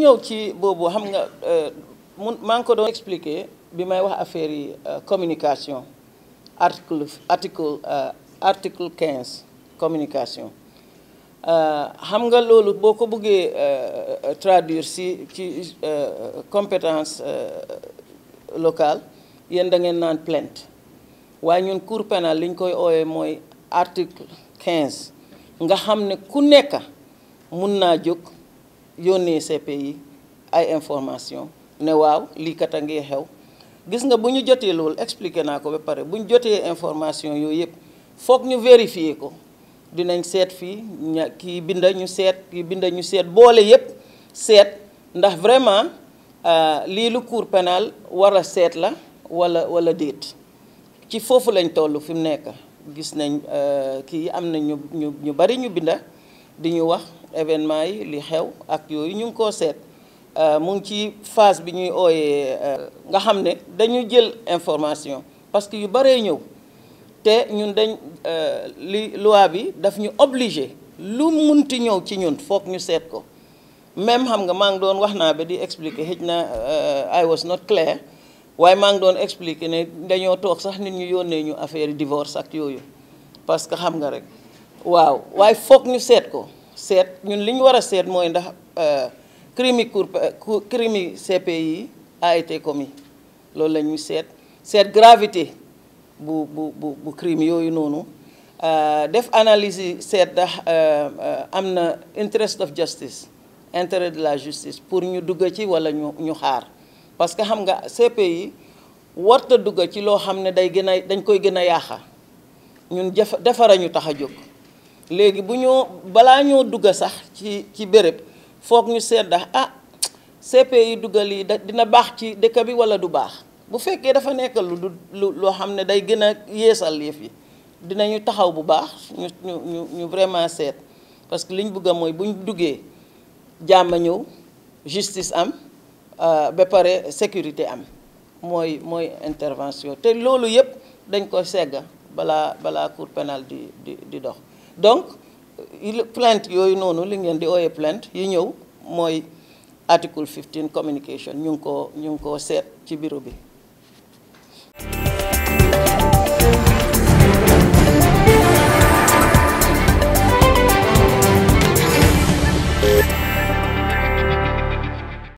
ñëw ci boobu xam nga euh, mun maa ngi ko doon expliquer bi may wax affaire yi euh, communication article article euh, article 15 communication xam nga loolu boo ko bëggee traduire si ci compétence locale yéen da ngeen naan plainte waaye ñun cour pénal li koy ooyee mooy article 15 nga xam ne ku nekk mun naa jóg yónnee yi ay information ne waaw lii kat a ngi xew gis nga bu ñu jotee loolu expliqué naa ko ba pare bu ñu jotee information yooyu yëpp foog ñu vérifier ko dinañ seet fii ña kii binda ñu seet kii binda seet boole yëpp seet ndax vraiment euh, lii lu cour penal war seet la wala wala déet ci foofu lañ toll fi mu nekk gis nañ euh, kii am na ñu ñu ñu bari ñu binda di ñu wax événement yi li xew ak yoy ñu ko koo euh mu ngi ci phase bi ñuy ooyee euh, nga xamné dañu jël information parce que yu bare ñew té ñun dañ euh, li loi bi daf ñu obligé lu munti ñew ci ñun fokk ñu seet ko même xam nga ma ngi doon wax naa ba di expliquer hejna na euh, I was not clear waaye ma ngi doon expliquer né dañoo tok sax nit ñu yónnee ñu affaire divorce ak yooyu parce que xam nga rek waaw waaye foog ñu seet ko seet ñun li ñu war a seet mooy ndax euh, crime yi cour euh, crime yi CPI a été commis loolu la ñuy seet seet gravité bu bu bu bu crime yooyu noonu euh, def analyse yi seet ndax am na interest of justice intérêt de la justice pour ñu dugg ci walla ñu ñu xaar parce que xam nga yi warta dugg ci loo xam ne day gën a dañ koy gën a yaaxa ñun jëf ñu tax a jóg léegi bu ñoo balaa ñoo dugg sax ci ci béréb foog ñu sedd ah CP yi dugal yi dina baax ci dëkk bi wala du baax bu fekkee dafa nekk lu du loo xam ne day gën a yéesal yëf yi dinañu taxaw bu baax ñu ñu ñu vraiment seet parce que liñ bëgg a mooy ñu duggee jàmm ñëw justice am euh, ba pare sécurité am mooy mooy intervention te loolu yëpp dañ ko segga balaa balaa cour pénale di di dox donc plainte yooyu noonu li ngeen di ooyee plainte yi ñëw mooy article 15 communication ñu ngi ko ñu ngi ko seet ci bureau bi